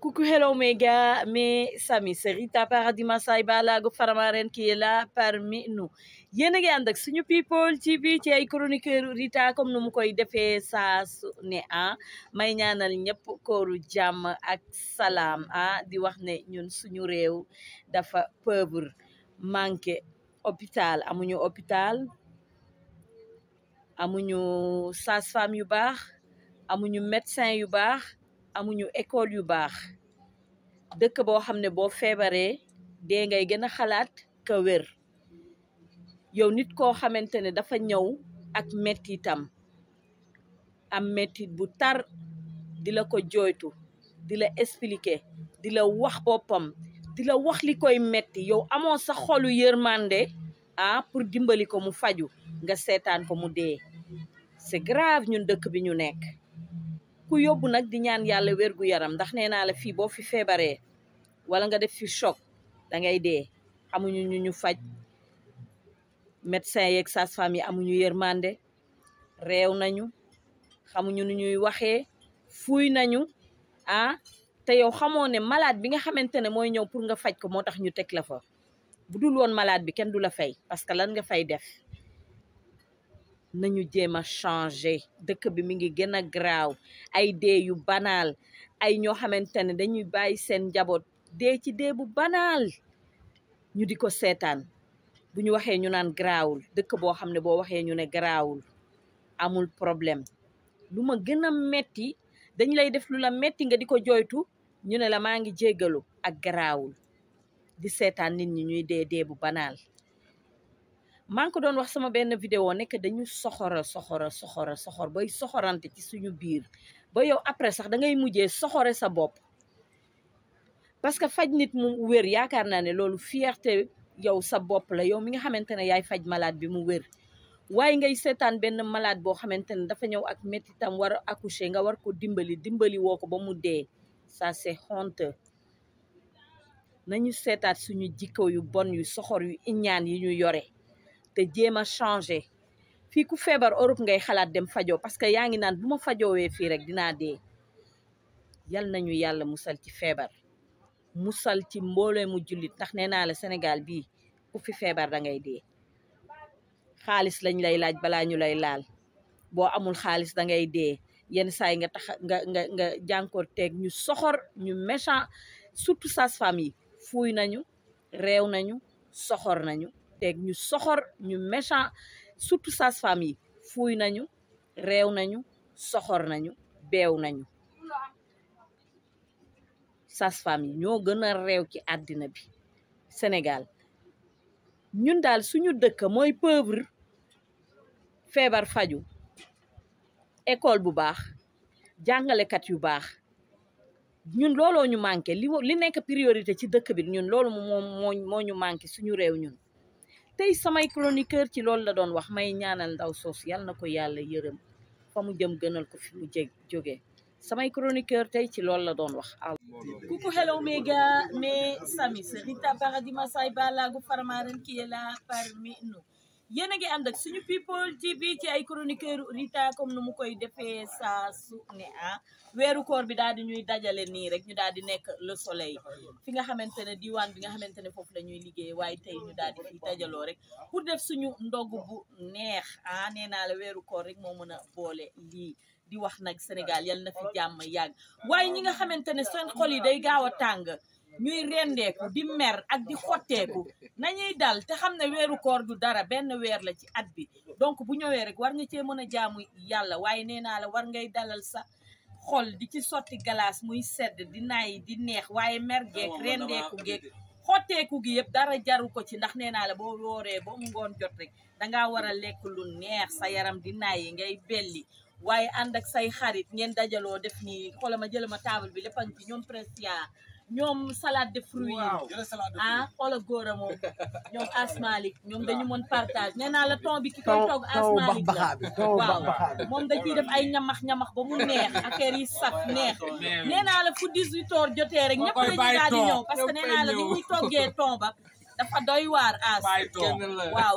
Coucou, hello, méga, mais Samy, c'est Rita Paradis Massaïba, la Farmaren qui est là parmi nous. yéen a ngi ànd ak suñu ci TV ci ay chroniqueur Rita comme nu koy defee saa su ne ah may ñaanal ñëpp kooru jàmm ak salaam ah di wax ne ñun suñu réew dafa pauvre manqué hôpital amuñu hôpital amuñu sage-femme yu baax amuñu médecin yu baax amuñu école yu baax dëkk boo xam ne boo feebaree dee ngay gën a xalaat ka wér yow nit koo xamante ne dafa ñëw ak mettitam am mettit bu tar di la ko jooytu di la expliquer di la wax boppam di la wax li koy metti yow amoo sax xolu yërmande ah pour dimbali ko mu faju nga seetaan ko mu dee c'est grave ñun dëkk bi ñu nekk ku yóbbu nag di ñaan yàlla wér gu yaram ndax nee naa la fii boo fi feebaree wala nga def fi choc da ngay dee amuñu ñu ñu faj médecin yeeg sage-femme yi amuñu yërmande reew nañu xamuñu nu ñuy waxee fuuy nañu ah te yow xamoo ne malade bi nga xamante ne mooy ñëw pour nga faj ko moo tax ñu teg la fa bu dul woon malade bi kenn du la fay parce que lan nga fay def nañu jéem a changé dëkk bi mi ngi gën a graaw ay dee yu banaal ay ñoo xamante ne dañuy bàyyi seen njaboot dee ci dee bu banaal ñu di ko seetaan bu ñu waxee ñu naan garaawul dëkk boo xam ne boo waxee ñu ne garaawul amul problème lu ma gën a metti dañ lay def lu la metti nga di ko joytu ñu ne la maa ngi jéggalu ak garawul di seetaan nit ñi ñuy dee dee bu banaal maa ngi ko doon wax sama benn vidéo nekk dañu soxora soxora soxora soxor bay soxorante ci suñu biir ba yow après sax dangay ngay mujjee soxore sa bopp parce que faj nit mu wér yaakaar naa ne loolu fierté yow sa bopp la yow mi nga xamante ne yaay faj malade bi mu wér waaye ngay seetaan benn malade boo xamante ne dafa ñëw ak métitam war a nga war ko dimbali dimbali woo ko ba mu dee ça c'est honte nañu seetaat suñu jikko yu bon yu soxor yu iñaan yi ñu yore te jéem a changé fii ku feebar Europe ngay xalaat dem fajo parce que yaa ngi naan bu ma fajoowee fii rek dinaa dee yal nañu yàlla musal ci feebar musal ci mboole mu jullit tax nee naa la Sénégal bii ku fi feebar da ngay dee xaalis lañ lay laaj balaa ñu lay laal boo amul xaalis da ngay dee yenn saay nga tax nga nga nga jànkoor teeg ñu soxor ñu méchant surtout sas-femme yi fuuy nañu réew nañu soxor nañu teeg ñu soxor ñu méchant surtout sages-femmes yi fuuy nañu réew nañu soxor nañu beew nañu sages-femmes yi ñoo gën a réew ci àddina bi Sénégal ñun daal suñu dëkk mooy pauvre feebar faju école bu baax jàngalekat yu baax ñun looloo ñu manqué li li nekk priorité ci dëkk bi ñun loolu moom moo moo manqué suñu réew ñun tey samay chroniqueur ci loolu la doon wax may ñaanal ndaw soos yal na ko yàlla yërëm fa mu jëm gënal ko fi mu jég jógee samay chroniqueur tey ci loolu la doon wax al coucou hello méga mais Sami c'est Rita Paradis Massai Balago Farmaren qui est là yéen a ngi ànd ak suñu people TV ci ay chroniqueur Rita comme nu mu koy defee saa su ne ah weeru koor bi daal di ñuy dajale nii rek ñu daal di nekk le soleil fi nga xamante ne diwaan bi nga xamante ne foofu la liggéey waaye tey ñu daal di fi dajaloo rek pour def suñu ndog bu neex ah nee naa la weeru koor rek moo mën a boole lii di wax nag Sénégal yal na fi jàmm yàgg waaye ñi nga xamante ne seen xol yi day gaaw a tàng ñuy rendeeku di mer ak di xotteeku nañuy dal te xam ne weeru koor du dara benn weer la ci at bi donc bu ñëwee rek war nga cee mën a jaamu yàlla waaye nee naa la war ngay dalal sa xol di ci sotti glace muy sedd di naay di neex waaye mer geek rendeeku geek xotteeku gi yëpp dara jaru ko ci ndax nee naa la boo wooree ba mu ngoon jot rek dangaa war a lekk lu neex sa yaram di naay ngay belli waaye ànd ak say xarit ngeen dajaloo def nii xoolama jëlama taabal bi la a ngi ci ñoom presque ñoom salade de fruits yi ah xoola góor a moom ñoom asmalik ñoom dañu mën partage nee la ton bi ki koy togg asmalik la waaw moom da ciy ay ñamax-ñamax ba mu neex affaire yi neex nee la fu 18 heures jotee rek ñëpp dañu daal di la ni muy toggee ton ba dafa doy waar as waaw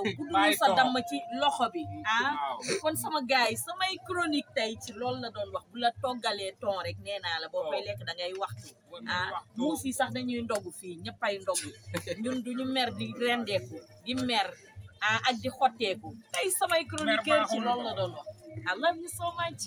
bu dul sa damm ci loxo bi ah kon sama gars yi samay chronique tey ci loolu la doon wax bu la toggalee ton rek nee naa la boo oh. koy lekk da ngay waxtu ah muus yi sax dañuy ndogu fii ñëppay ndogu ñun duñu meer di rendeeku di mer ah ak di xotteeku tey samay chroniqueur ci loolu la doon wax I love you so much